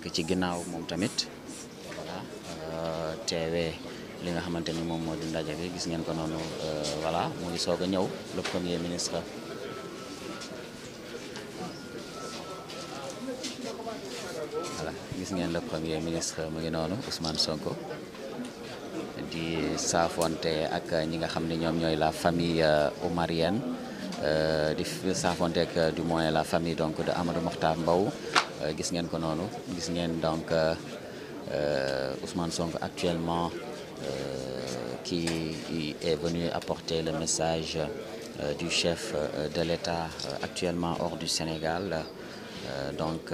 nek ci ginnaaw mom tamit wala euh, tv li nga xamanteni mom moom moo di ndaje bi gis ngeen ko noonu wala euh, mo ngi soga ñew le premier ministre wala gis ngeen le premier ministre mo ngi nonu Ousmane Sonko di safonté ak ñi nga xamni ñom ñoy la famille euh, omarienne di safonté ak du moins la famille donc de Amadou Mokhtar mbaw Euh, gis ngeen ko donc euh, euh, Ousmane Sonko actuellement qui est venu apporter le message du chef de l'État actuellement hors du Sénégal donc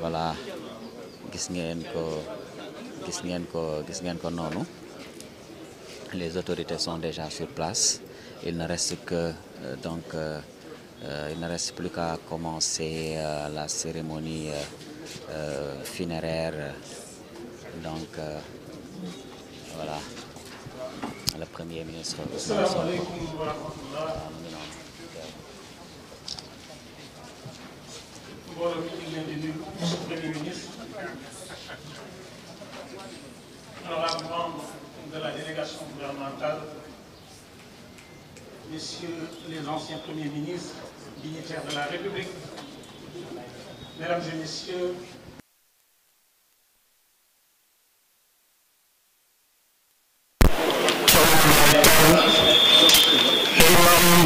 voilà gis ngeen les autorités sont déjà sur place il ne reste que donc il ne reste plus qu'à commencer la cérémonie funéraire. Donc, voilà, le Premier ministre. Bonjour. mi ñu ngi leen di nuyu monsieur premier ministre membre de la délégation gouvernementale messieurs les anciens premiers ministres, dignitaires de la République, mesdames et messieurs,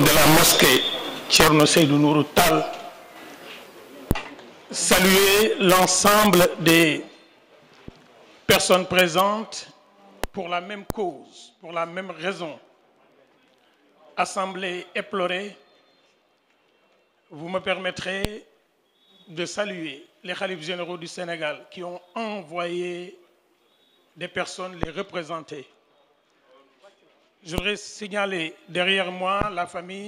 de la mosquée Tcherno Seydou Tal, saluer l'ensemble des personnes présentes pour la même cause, pour la même raison, assemblée éplorée, vous me permettrez de saluer les Khalifs généraux du Sénégal qui ont envoyé des personnes les représenter. Je voudrais signaler derrière moi la famille